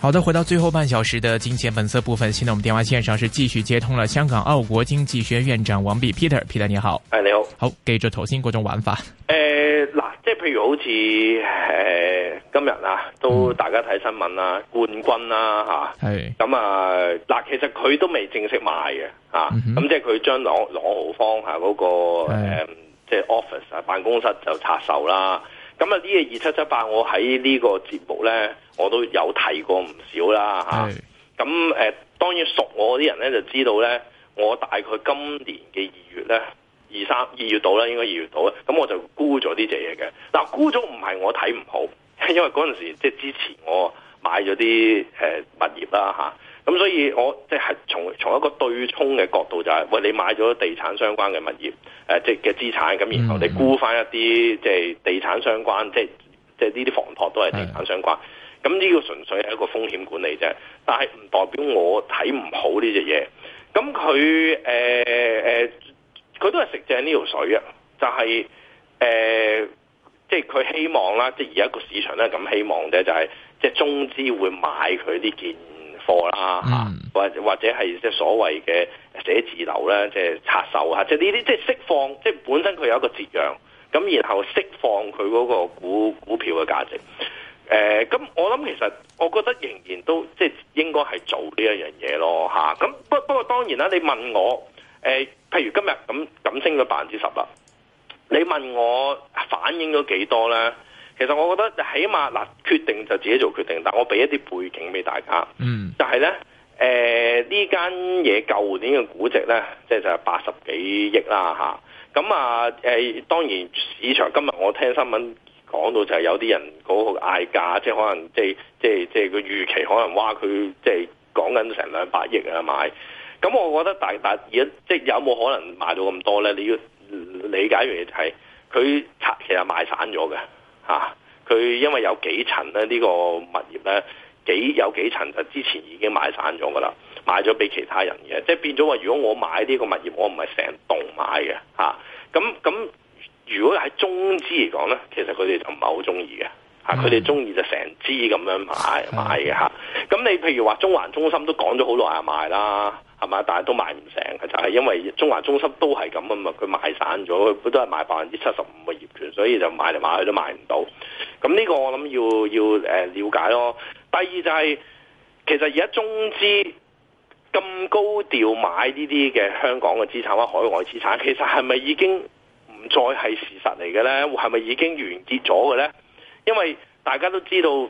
好的，回到最後半小時的金錢本色部分，現在我們電話線上是繼續接通了香港澳國經濟學院長王弼 Peter，Peter Peter，你好，係你好，好，繼續頭先嗰種玩法，誒嗱，呃，即係譬如好似誒，呃、今日啊，都大家睇新聞啦，啊，冠軍啦吓，係，咁啊嗱，其實佢都未正式賣嘅，啊，咁，嗯、哼即係佢將朗朗豪坊下嗰個誒，嗯嗯、即係 office 啊，辦公室就拆售啦。咁啊，呢個二七七八，我喺呢個節目呢，我都有睇過唔少啦嚇。咁誒是、啊，當然熟我啲人呢就知道呢，我大概今年嘅二月呢，二三二月度啦，應該二月度啦。咁我就沽咗呢隻嘢嘅。嗱、啊，沽咗唔係我睇唔好，因為嗰陣時即係之前我買咗啲誒物業啦嚇。啊咁所以我，我即係從從一個對沖嘅角度就係、是，喂，你買咗地產相關嘅物業，誒、呃，即嘅資產，咁然後你沽翻一啲即係地產相關，即即呢啲房託都係地產相關。咁呢個純粹係一個風險管理啫，但係唔代表我睇唔好呢隻嘢。咁佢誒誒，佢、呃、都係食正呢條水啊，就係誒，即係佢希望啦，即而家個市場咧咁希望咧，就係即係中資會買佢啲建議。貨啦嚇，或、嗯、或者係即係所謂嘅寫字樓咧，即係拆售嚇，即係呢啲即係釋放，即、就、係、是、本身佢有一個折讓，咁然後釋放佢嗰個股股票嘅價值。誒、呃，咁我諗其實我覺得仍然都即係、就是、應該係做呢一樣嘢咯嚇。咁、啊、不不過當然啦，你問我誒、呃，譬如今日咁咁升咗百分之十啦，你問我反映咗幾多咧？其實我覺得起碼嗱、啊，決定就自己做決定。但我俾一啲背景俾大家。嗯。就係咧，誒呢間嘢舊年嘅估值咧，即係就係八十幾億啦嚇。咁啊誒、啊啊，當然市場今日我聽新聞講到就係有啲人嗰個嗌價，即係可能即係即係即係佢預期可能哇佢即係講緊成兩百億啊買。咁我覺得大大而家即係有冇可能賣到咁多咧？你要理解一樣嘢就係、是、佢拆其實賣散咗嘅。啊！佢因為有幾層咧，呢、這個物業咧幾有幾層就之前已經買散咗噶啦，買咗俾其他人嘅，即係變咗話，如果我買呢個物業，我唔係成棟買嘅嚇。咁、啊、咁，如果喺中資嚟講咧，其實佢哋就唔係好中意嘅嚇。佢哋中意就成支咁樣買買嘅嚇。咁、啊、你譬如話中環中心都講咗好耐啊賣啦。係嘛？但係都賣唔成嘅，就係、是、因為中環中心都係咁啊嘛，佢賣散咗，佢都係賣百分之七十五嘅業權，所以就賣嚟賣去都賣唔到。咁呢個我諗要要誒瞭、呃、解咯。第二就係、是、其實而家中資咁高調買呢啲嘅香港嘅資產或者海外資產，其實係咪已經唔再係事實嚟嘅咧？係咪已經完結咗嘅咧？因為大家都知道，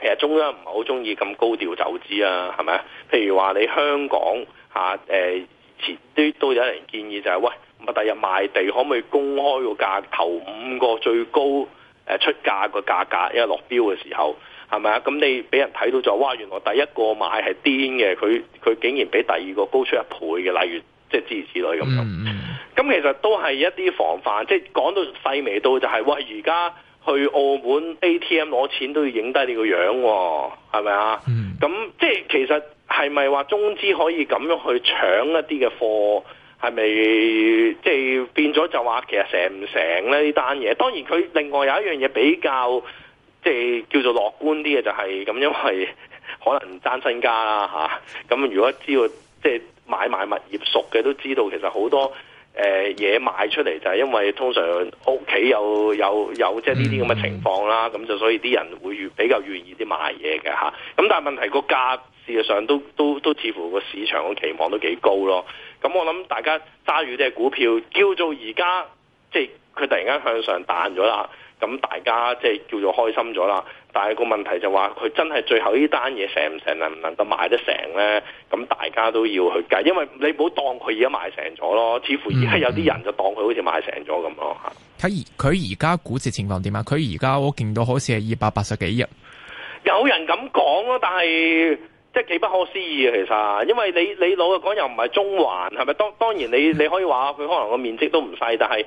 其實中央唔係好中意咁高調走資啊，係咪？譬如話你香港嚇誒、啊呃、前啲都有人建議就係、是、喂，咁啊第日賣地可唔可以公開個價頭五個最高誒、呃、出價個價格，因為落標嘅時候係咪啊？咁你俾人睇到就哇，原來第一個賣係癲嘅，佢佢竟然比第二個高出一倍嘅，例如即係諸如此類咁樣。咁、mm hmm. 其實都係一啲防範，即係講到細微到就係、是、喂，而家。去澳門 ATM 攞錢都要影低你個樣、哦，係咪啊？咁、嗯、即係其實係咪話中資可以咁樣去搶一啲嘅貨？係咪即係變咗就話其實成唔成咧呢單嘢？當然佢另外有一樣嘢比較即係叫做樂觀啲嘅就係、係、咁，因為可能爭身家啦吓？咁、啊、如果知道即係買賣物業熟嘅都知道，其實好多。誒嘢賣出嚟就係、是、因為通常屋企有有有即係呢啲咁嘅情況啦，咁就 所以啲人會比較願意啲賣嘢嘅吓。咁但係問題個價事實上都都都似乎個市場嘅期望都幾高咯。咁我諗大家揸住啲股票，叫做而家即係佢突然間向上彈咗啦。咁大家即係叫做開心咗啦，但係個問題就話佢真係最後呢單嘢成唔成能唔能夠賣得成呢？咁大家都要去計，因為你唔好當佢而家賣成咗咯，似乎而家有啲人就當佢好似賣成咗咁咯嚇。睇佢而家估值情況點啊？佢而家我見到好似係二百八十幾億，有人咁講咯，但係。即係幾不可思議啊！其實，因為你你攞嚟講又唔係中環，係咪？當當然你你可以話佢可能個面積都唔細，但係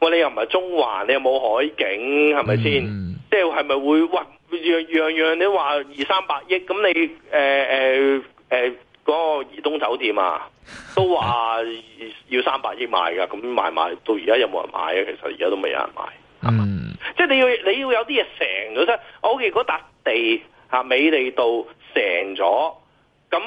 喂你又唔係中環，你又冇海景，係咪先？嗯、即係係咪會喂，樣樣樣你話二三百億咁？你誒誒誒嗰個怡東酒店啊，都話要三百億賣㗎，咁賣唔賣到而家有冇人買啊？其實而家都未有人買，係咪？嗯、即係你要你要有啲嘢成咗先。我見嗰笪地嚇、啊、美利道。成咗咁，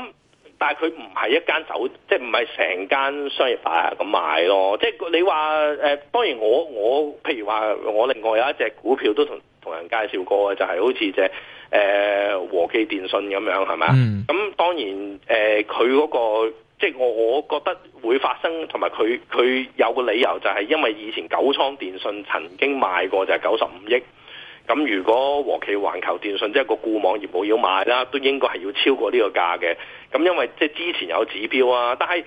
但係佢唔係一間酒，即係唔係成間商業大廈咁買咯。即係你話誒、呃，當然我我譬如話，我另外有一隻股票都同同人介紹過嘅，就係、是、好似隻誒和記電訊咁樣係咪？咁、嗯嗯、當然誒，佢、呃、嗰、那個即係我覺得會發生，同埋佢佢有個理由就係因為以前九倉電訊曾經賣過就係九十五億。咁如果和記環球電訊即係、就是、個固網業務要買啦，都應該係要超過呢個價嘅。咁因為即係之前有指標啊，但係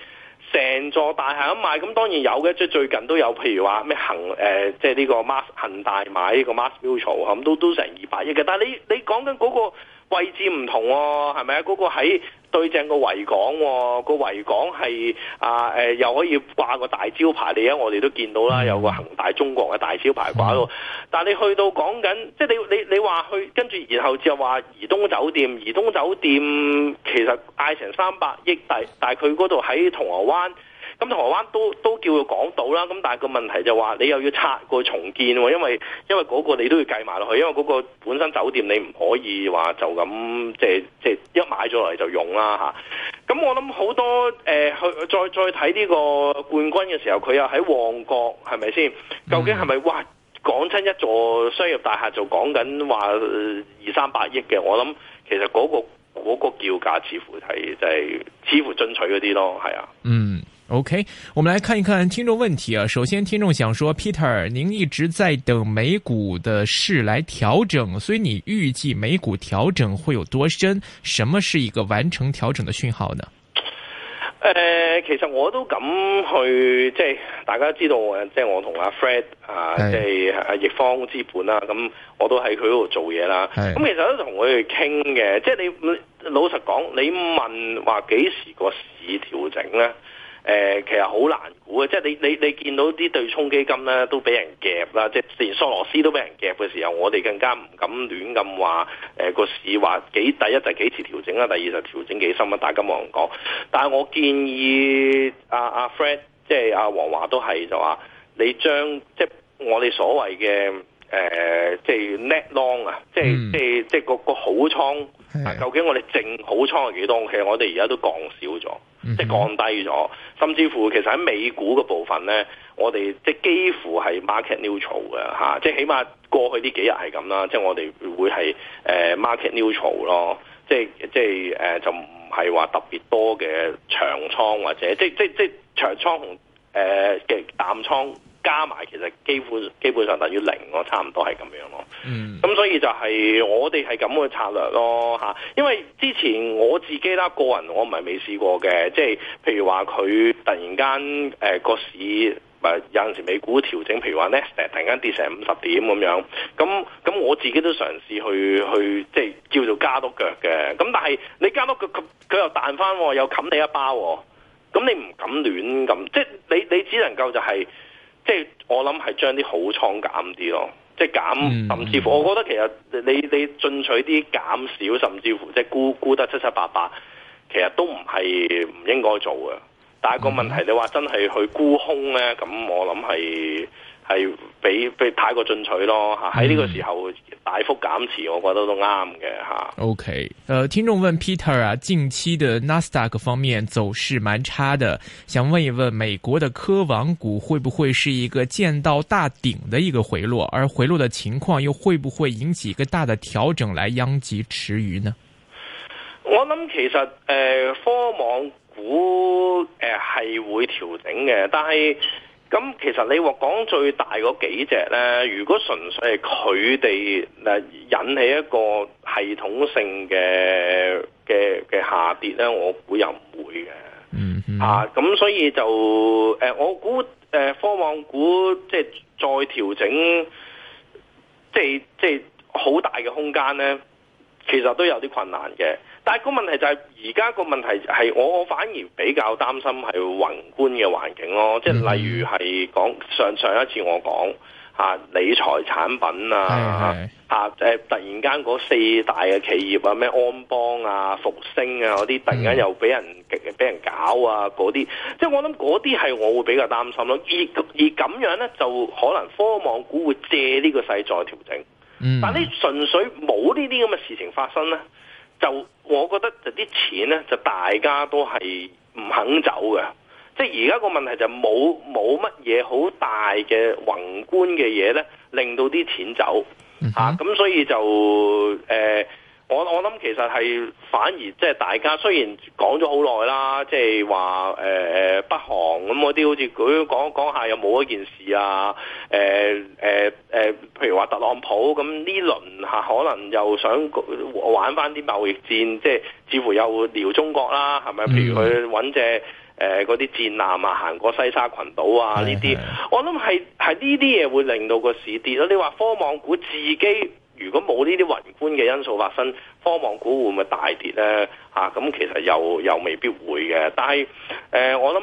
成座大廈咁買，咁當然有嘅。即係最近都有，譬如話咩恆誒、呃，即係呢個 Mass 恆大買呢個 MassMutual 啊，咁都都成二百億嘅。但係你你講緊嗰個。位置唔同喎、哦，係咪啊？嗰、嗰個喺對正個維、哦嗰個維港，個維港係啊誒，又可以掛個大招牌嚟啊！我哋都見到啦、啊，有個恒大中國嘅大招牌掛咯。哇但係你去到講緊，即係你你你話去跟住，然後就話怡東酒店，怡東酒店其實嗌成三百億，但但係佢嗰度喺銅鑼灣。咁台灣都都叫佢講到啦，咁但係個問題就話你又要拆過重建喎、喔，因為因為嗰個你都要計埋落去，因為嗰個本身酒店你唔可以話就咁即即一買咗嚟就用啦嚇。咁、啊、我諗好多誒，去、呃、再再睇呢個冠軍嘅時候，佢又喺旺角係咪先？究竟係咪哇講真一座商業大廈就講緊話二三百億嘅？我諗其實嗰、嗰個嗰個叫價似乎係就係、係、似乎進取嗰啲咯，係啊，嗯。OK，我們來看一看聽眾問題啊。首先，聽眾想說，Peter，您一直在等美股的市來調整，所以你預計美股調整會有多深？什麼是一個完成調整的訊號呢？誒、呃，其實我都敢去，即係大家知道誒，即係我同阿 Fred 啊，的即係阿易方資本、啊、啦，咁我都喺佢嗰度做嘢啦。咁、嗯、其實都同佢哋傾嘅，即係你，老實講，你問話幾時個市調整咧？誒、呃、其實好難估嘅，即係你你你見到啲對沖基金咧都俾人夾啦，即係連索羅斯都俾人夾嘅時候，我哋更加唔敢亂咁話誒個市話幾第一就幾時調整啦，第二就調整幾深啊，大家冇人講。但係我，我建議阿、啊、阿、啊、Fred 即係阿黃華都係就話，你將即係我哋所謂嘅誒、呃、即係 net long 啊、嗯，即係即係即係嗰個好倉。究竟我哋淨好倉有幾多？其實我哋而家都降少咗，即係降低咗，甚至乎其實喺美股嘅部分咧，我哋即係幾乎係 market neutral 嘅嚇、啊，即係起碼過去呢幾日係咁啦，即係我哋會係誒、呃、market neutral 咯，即係即係誒、呃、就唔係話特別多嘅長倉或者即係即係即係長倉同誒嘅淡倉。加埋，其實幾乎基本上等於零咯，差唔多係咁樣咯。咁、嗯、所以就係我哋係咁嘅策略咯嚇。因為之前我自己啦個人，我唔係未試過嘅，即係譬如話佢突然間誒個、呃、市誒、呃、有陣時美股調整，譬如話咧突然間跌成五十點咁樣咁咁，我自己都嘗試去去即係叫做加多腳嘅。咁但係你加多腳佢又彈翻，又冚你一包咁，你唔敢亂咁，即係你你只能夠就係、是。即係我諗係將啲好倉減啲咯，即係減，甚至乎我覺得其實你你進取啲減少，甚至乎即係沽沽得七七八八，其實都唔係唔應該做嘅。但係個問題你話真係去沽空咧，咁我諗係。係比比太過進取咯。吓，喺呢個時候大幅減持，我覺得都啱嘅吓。OK，誒、呃，聽眾問 Peter 啊，近期的納斯達克方面走勢蠻差的，想問一問，美國的科網股會不會是一個見到大頂的一個回落，而回落的情況又會不會引起一個大的調整，來殃及池魚呢？我諗其實誒、呃、科網股誒、係、呃、會調整嘅，但係。咁其實你話講最大嗰幾隻咧，如果純粹佢哋嗱引起一個系統性嘅嘅嘅下跌咧，我估又唔會嘅。嗯嗯、mm。咁、hmm. 啊、所以就誒、呃，我估誒、呃、科網股即係再調整，即係即係好大嘅空間咧，其實都有啲困難嘅。但係個問題就係，而家個問題係我反而比較擔心係宏觀嘅環境咯。即係、嗯、例如係講上上一次我講嚇、啊、理財產品啊嚇誒、嗯嗯啊就係、突然間嗰四大嘅企業啊咩安邦啊復星啊嗰啲突然間又俾人俾、嗯、人搞啊嗰啲，即係、就係、我諗嗰啲係我會比較擔心咯。而而咁樣咧就可能科網股會借呢個勢再調整。嗯、但係呢純粹冇呢啲咁嘅事情發生咧。就我覺得就啲錢咧，就大家都係唔肯走嘅。即係而家個問題就冇冇乜嘢好大嘅宏觀嘅嘢咧，令到啲錢走嚇。咁、嗯哼啊、所以就誒、呃，我我諗其實係反而即係大家雖然講咗好耐啦，即係話誒誒北韓咁嗰啲，好似佢講講下有冇一件事啊？誒、呃、誒。呃話特朗普咁呢輪吓可能又想玩翻啲貿易戰，即係似乎又撩中國啦，係咪？譬如佢搵隻誒嗰啲戰艦啊，行過西沙群島啊，呢啲，是的是的我諗係係呢啲嘢會令到個市跌咯。你話科網股自己如果冇呢啲宏觀嘅因素發生，科網股會唔會大跌呢？吓、啊、咁其實又又未必會嘅，但係誒、呃，我諗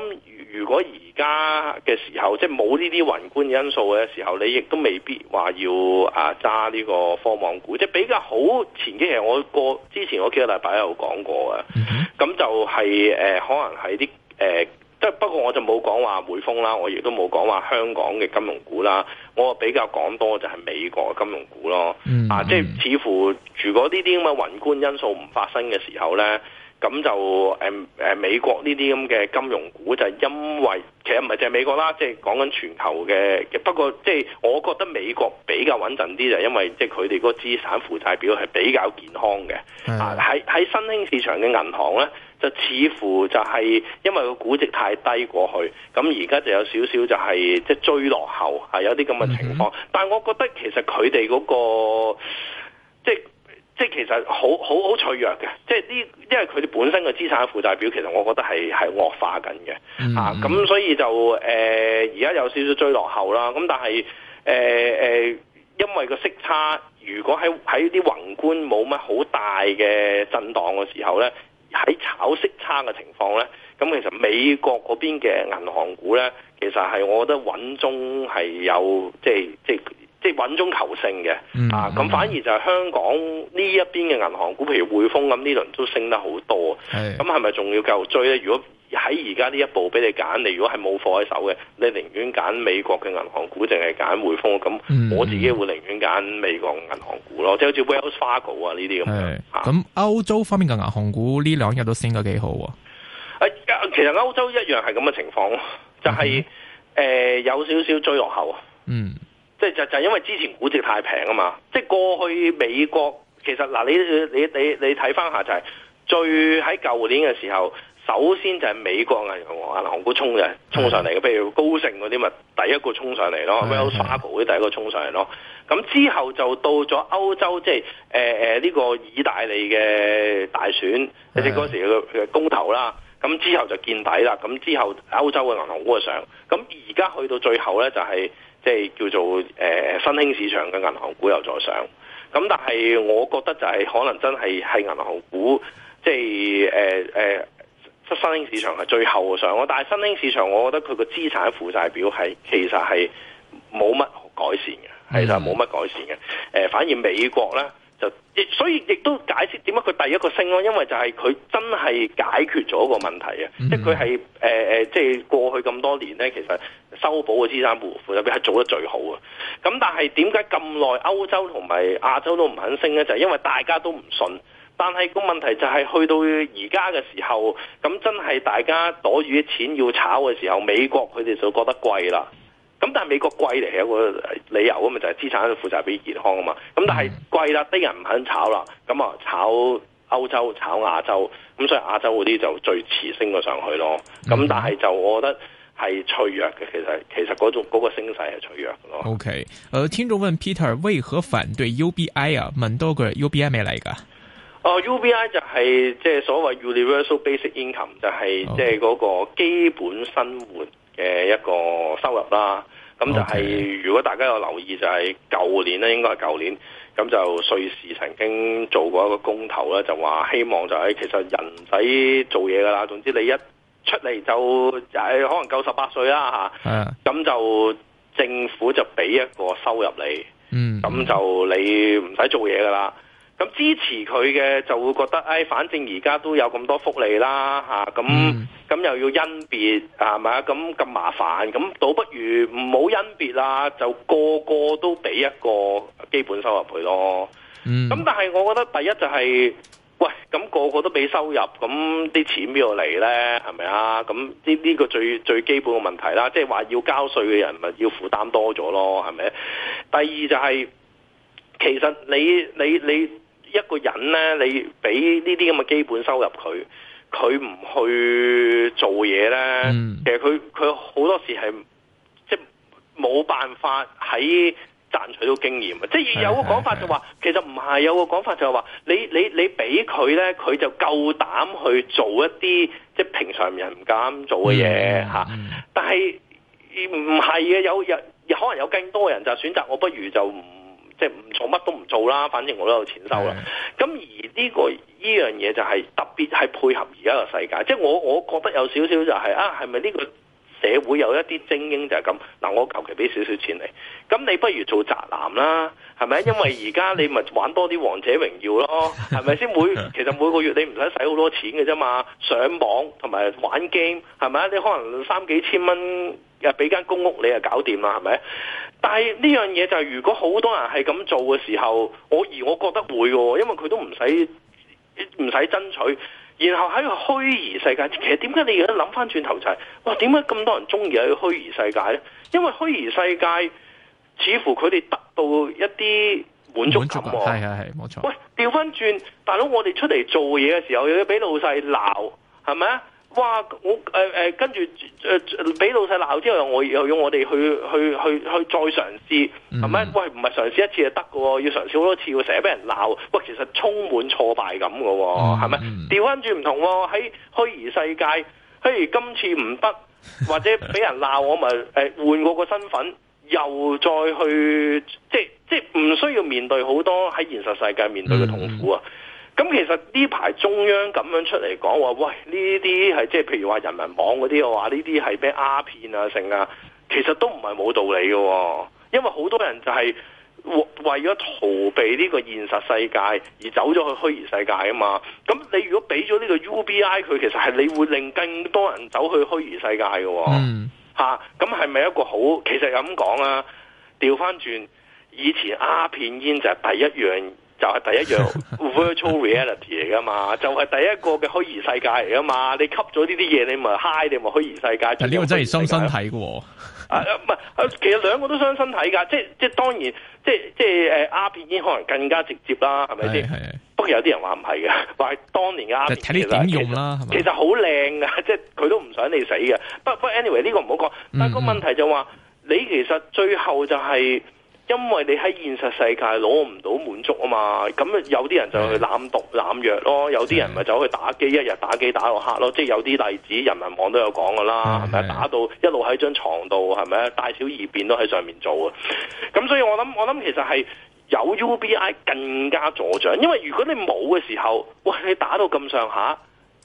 如果而加嘅時候，即係冇呢啲宏觀因素嘅時候，你亦都未必話要啊揸呢個科網股，即係比較好。前幾日我過，之前我幾個禮拜有講過啊，咁、mm hmm. 就係、是、誒、呃、可能喺啲誒，即、呃、係不過我就冇講話匯豐啦，我亦都冇講話香港嘅金融股啦，我比較講多就係美國金融股咯，mm hmm. 啊，即係似乎如果呢啲咁嘅宏觀因素唔發生嘅時候咧。咁就誒誒、呃呃、美國呢啲咁嘅金融股就因為其實唔係淨係美國啦，即係講緊全球嘅。不過即係我覺得美國比較穩陣啲，就因為即係佢哋嗰個資產負債表係比較健康嘅。的啊，喺喺新興市場嘅銀行咧，就似乎就係因為個估值太低過去，咁而家就有少少就係即係追落後，係有啲咁嘅情況。嗯、哼但係我覺得其實佢哋嗰個即係。即係即係其實好好好脆弱嘅，即係呢，因為佢哋本身嘅資產負債表其實我覺得係係惡化緊嘅，嗯、啊，咁所以就誒而家有少少追落後啦。咁但係誒誒，因為個息差，如果喺喺啲宏觀冇乜好大嘅震盪嘅時候咧，喺炒息差嘅情況咧，咁其實美國嗰邊嘅銀行股咧，其實係我覺得穩中係有即係即係。即係穩中求勝嘅，嗯嗯、啊，咁反而就係香港呢一邊嘅銀行股，譬如匯豐咁，呢輪都升得好多。咁係咪仲要繼續追呢？如果喺而家呢一步俾你揀，你如果係冇貨喺手嘅，你寧願揀美國嘅銀行股，定係揀匯豐。咁我自己會寧願揀美國銀行股咯，即係好似 Wells Fargo 啊呢啲咁樣。咁歐洲方面嘅銀行股呢兩日都升得幾好、啊。誒、啊，其實歐洲一樣係咁嘅情況，就係、是、誒、嗯哼呃、有少少追落後。嗯。嗯即係就就因為之前估值太平啊嘛，即係過去美國其實嗱，你你你你睇翻下就係最喺舊年嘅時候，首先就係美國嘅銀行銀行股衝嘅衝上嚟嘅，譬是的 如高盛嗰啲咪第一個衝上嚟咯，咩花旗嗰啲第一個衝上嚟咯，咁是的 之後就到咗歐洲，即係誒誒呢個意大利嘅大選，即嗰是的 時嘅公投啦，咁之後就見底啦，咁之後歐洲嘅銀行股就上，咁而家去到最後咧就係、是。即係叫做誒、呃、新興市場嘅銀行股又再上，咁但係我覺得就係可能真係係銀行股，即係誒誒新興市場係最後上，但係新興市場我覺得佢個資產負債表係其實係冇乜改善嘅，係就冇乜改善嘅，誒、呃、反而美國咧。亦所以亦都解釋點解佢第一個升咯，因為就係佢真係解決咗個問題啊！嗯嗯，即係佢係誒誒，即、呃、係、就係、過去咁多年咧，其實修補嘅資產壺庫入邊係做得最好啊！咁但係點解咁耐歐洲同埋亞洲都唔肯升咧？就係、係、因為大家都唔信。但係個問題就係去到而家嘅時候，咁真係大家攞住啲錢要炒嘅時候，美國佢哋就覺得貴啦。咁但係美國貴嚟係一個理由啊嘛，就係資產負債比健康啊嘛。咁但係貴啦，啲人唔肯炒啦。咁啊，炒歐洲、炒亞洲，咁、嗯、所以亞洲嗰啲就最遲升咗上去咯。咁、嗯、但係就我覺得係脆弱嘅，其實其實嗰種嗰個升、那個、勢係脆弱咯。OK，呃，聽眾問 Peter 為何反對 UBI 啊問多個 UBI 咩嚟噶？哦、呃、UBI 就係、是、即係所謂 universal basic income，就係、是、即係嗰個基本生活嘅一個收入啦。咁就係，Okay. 如果大家有留意，就係、是、舊年咧，應該係舊年。咁就瑞士曾經做過一個公投咧，就話希望就係、是、其實人唔使做嘢噶啦。總之你一出嚟就係可能九十八歲啦吓。咁 Yeah. 就政府就俾一個收入你，咁、mm hmm. 就你唔使做嘢噶啦。咁支持佢嘅就會覺得，唉、哎，反正而家都有咁多福利啦吓。咁。Mm hmm. 咁又要甄別係咪？咁咁麻煩，咁倒不如唔好甄別啦！就個個都俾一個基本收入佢咯。咁、嗯、但係我覺得第一就係、是、喂、咁、那個個都俾收入，咁啲錢邊度嚟呢？係咪啊？咁呢呢個最最基本嘅問題啦，即係話要交稅嘅人咪要負擔多咗咯？係咪？第二就係、是、其實你你你一個人呢，你俾呢啲咁嘅基本收入佢。佢唔去做嘢咧，嗯、其實佢佢好多時係即係冇辦法喺賺取到經驗，啊！即係有個講法就話、是嗯、其實唔係有個講法就係、是、話，你你你俾佢咧，佢就夠膽去做一啲即係平常人唔敢做嘅嘢吓，嗯、但係唔係嘅，有有可能有更多人就選擇我不如就唔。即係唔做乜都唔做啦，反正我都有錢收啦。咁的而呢個呢樣嘢就係特別係配合而家個世界，即係我我覺得有少少就係啊，係咪呢個社會有一啲精英就係咁嗱？我求其俾少少錢你，咁你不如做宅男啦，係咪？因為而家你咪玩多啲《王者榮耀》咯，係咪先？每其實每個月你唔使使好多錢嘅啫嘛，上網同埋玩 game 係咪啊？你可能三幾千蚊。啊！俾間公屋你啊，搞掂啦，係咪？但係呢樣嘢就係，如果好多人係咁做嘅時候，我而我覺得會嘅，因為佢都唔使唔使爭取，然後喺個虛擬世界。其實點解你而家諗翻轉頭就係，哇！點解咁多人中意喺虛擬世界呢？因為虛擬世界似乎佢哋得到一啲滿，滿足感。係係係，啊啊啊，冇錯。喂，調翻轉，大佬，我哋出嚟做嘢嘅時候，又要俾老細鬧，係咪啊？哇！我誒誒、呃、跟住誒俾老細鬧之後，我又要我哋去去去去再嘗試係咪、嗯？喂，唔係嘗試一次就得㗎喎，要嘗試好多次，成日俾人鬧，喂，其實充滿挫敗感㗎喎，係咪？調翻轉唔同喎，喺虛擬世界，譬如今次唔得或者俾人鬧，呃、我咪誒換過個身份，又再去即即唔需要面對好多喺現實世界面對嘅痛苦啊！嗯嗯。咁其實呢排中央咁樣出嚟講話，喂，呢啲係即係譬如話人民網嗰啲，我話呢啲係咩鴉片啊成啊，其實都唔係冇道理嘅、哦，因為好多人就係為咗逃避呢個現實世界而走咗去虛擬世界啊嘛。咁你如果俾咗呢個 UBI 佢，其實係你會令更多人走去虛擬世界嘅、哦。嗯，吓、啊，咁係咪一個好？其實咁講啊，調返轉以前鴉片煙就係第一樣。 就係第一樣 virtual reality 嚟噶嘛，就係、是、第一個嘅虛擬世界嚟噶嘛。你吸咗呢啲嘢，你咪 high，你咪虛擬世界。啊，呢個真係傷身體噶。唔、啊、係，其實兩個都傷身體噶。即係即係當然，即係即係誒，鴉片煙可能更加直接啦，係咪先？係不過有啲人話唔係嘅，話係當年嘅鴉片煙。睇你點用啦。其實好靚噶，即係佢都唔想你死嘅。Anyway，不不，anyway 呢個唔好講。但係個問題就話、是， 你其實最後就係、是。 因為你喺現實世界攞唔到滿足啊嘛，咁有啲人就去濫毒濫藥咯，有啲人咪走去打機，一日打機打到黑咯，即係有啲例子，人民網都有講㗎啦，係咪、嗯、打到一路喺張床度，係咪大小二便都喺上面做啊？咁所以我諗，我諗其實係有 UBI 更加助長，因為如果你冇嘅時候，喂，你打到咁上下，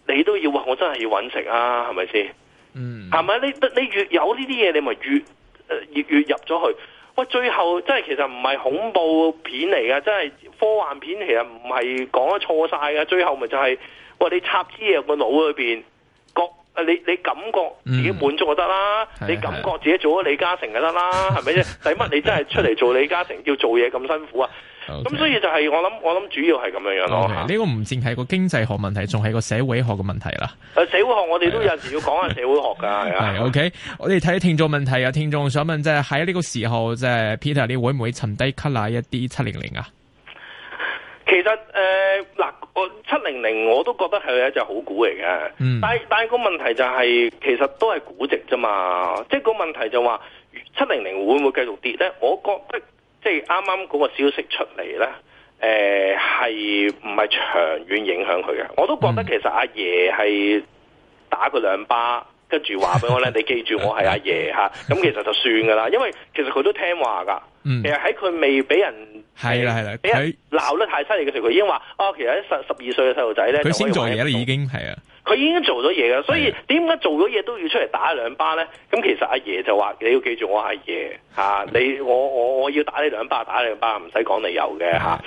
你都要話我真係要揾食啊，係咪先？嗯，係咪你你越有呢啲嘢，你咪越、呃、越，越入咗去。我最後即係其實唔係恐怖片嚟噶，即係科幻片，其實唔係講得錯晒噶。最後咪就係、是、話你插啲嘢入個腦裏邊。你你感覺自己滿足就得啦，你感覺自己做咗李嘉誠就得啦，係咪啫？使乜你真係出嚟，做李嘉誠，要做嘢咁辛苦啊？咁所以就係我諗，我諗主要係咁樣樣咯。呢個唔淨係個經濟學問題，仲係個社會學嘅問題啦。誒，社會學我哋都有時要講下社會學噶。係啊 OK，我哋睇聽眾問題，啊。聽眾想問，即係喺呢個時候，即係 Peter，你會唔會沉低 cut 一啲七零零啊？其實誒，嗱。七零零我都覺得係一隻好股嚟嘅，但但係、但係、個問題就係，其實都係估值啫嘛，即係個問題就話七零零會唔會繼續跌咧？我覺得即係啱啱嗰個消息出嚟咧，誒係唔係長遠影響佢嘅？我都覺得其實阿爺係打佢兩巴，跟住話俾我咧，嗯、你記住我係阿爺吓，咁、 啊、其實就算噶啦，因為其實佢都聽話噶。嗯、其實喺佢未俾人係啦係啦，俾人鬧得太犀利嘅時候，佢已經話他哦，其實十十二歲嘅細路仔咧，佢先做嘢咧已經係啊，佢已，已經做咗嘢噶，所以點解的做咗嘢都要出嚟打兩巴咧？咁其實阿爺就話你要記住我係爺吓，你我我我要打你兩巴打你兩巴，唔使講理由嘅吓。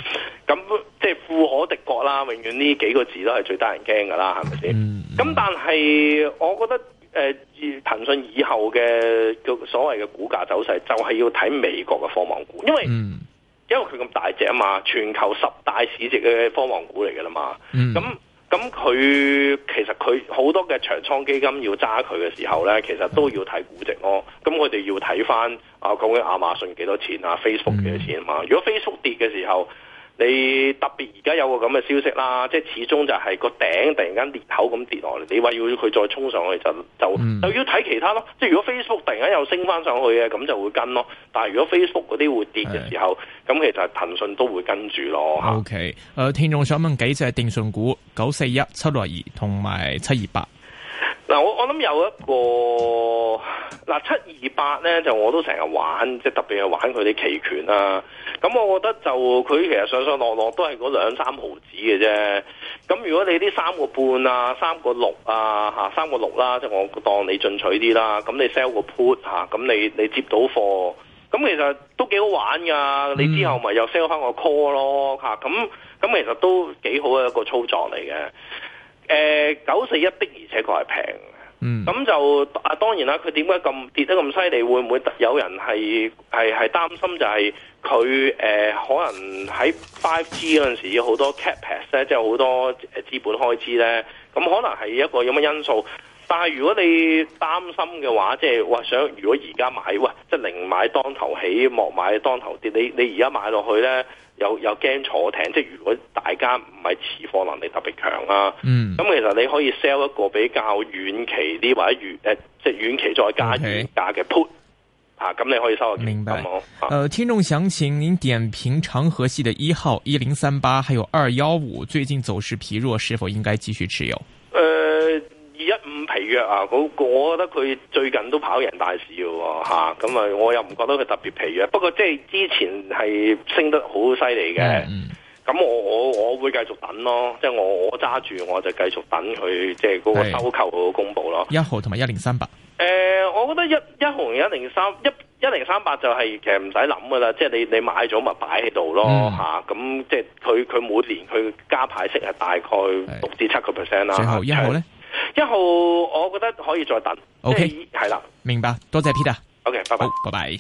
咁、啊、的即係富可敵國啦，永遠呢幾個字都係最得人驚噶啦，係咪先？咁但係我覺得。嗯嗯誒，騰訊、呃、以後嘅所謂嘅股價走勢，就係、是、要睇美國嘅科網股，因為、嗯、因為佢咁大隻啊嘛，全球十大市值嘅科網股嚟嘅啦嘛，咁咁佢其實佢好多嘅長倉基金要揸佢嘅時候呢，其實都要睇估值咯。咁我哋要睇翻啊，究竟亞馬遜幾多錢啊，Facebook 幾多錢啊嘛，如果 Facebook 跌嘅時候。你特別而家有個咁嘅消息啦，即係始終就係個頂突然間裂口咁跌落嚟。你話要佢再衝上去就就、嗯、就要睇其他咯。即係如果 Facebook 突然間又升翻上去嘅，咁就會跟咯。但係如果 Facebook 嗰啲會跌嘅時候，咁是的 其實騰訊都會跟住咯 okay、呃。O K，有聽眾想問幾隻電訊股：九四一、七六二同埋七二八。嗱，我我諗有一個嗱七二八咧，7, 2, 8, 就我都成日玩，即係特別係玩佢啲期權啦、啊。咁我覺得就佢其實上上落落都係嗰兩三毫子嘅啫。咁如果你啲三個半啊，三個六啊，吓、啊、三個六啦、啊，即係我當你進取啲啦。咁你 sell 個 put 吓、啊，咁你你接到貨，咁其實都幾好玩噶。嗯、你之後咪又 sell 翻個 call 咯，吓咁咁其實都幾好嘅一個操作嚟嘅。誒、呃、九四一的，的，而且確係平嘅，咁就啊，當然啦，佢點解咁跌得咁犀利？會唔會有人係係係擔心就係佢誒可能喺 5G 嗰陣時有好多 capex 咧，即係好多誒資本開支咧，咁可能係一個有乜因素？但係如果你擔心嘅話，即係話想如果而家買，喂，即係寧買當頭起，莫買當頭跌。你你而家買落去咧，又又驚坐艇。即係如果大家唔係持貨能力特別強啊，咁、嗯、其實你可以 sell 一個比較遠期啲或者遠，誒、呃，即係遠期再加遠價嘅 put okay. 啊，咁你可以收。明白冇？誒嗎、呃，聽眾想請，您點評長河系嘅一號一零三八，38, 還有二幺五，最近走勢疲弱，是否應該繼續持有？約啊，我我覺得佢最近都跑贏大市嘅吓，咁啊我又唔覺得佢特別疲弱。不過即係之前係升得好犀利嘅，咁、mm hmm. 我我我會繼續等咯，即、就、係、是、我我揸住我就繼續等佢，即係嗰個收購嗰個公布咯。一號同埋一零三八。誒、呃，我覺得一一號一零三一，一零三八就係其實唔使諗噶啦，即、就、係、是、你你買咗咪擺喺度咯吓，咁即係佢佢每年佢加派息係大概六至七個 percent 啦。啊、最後一號咧？一號，我覺得可以再等。O K，係啦，明白，多謝 Peter。O K，拜拜，拜拜。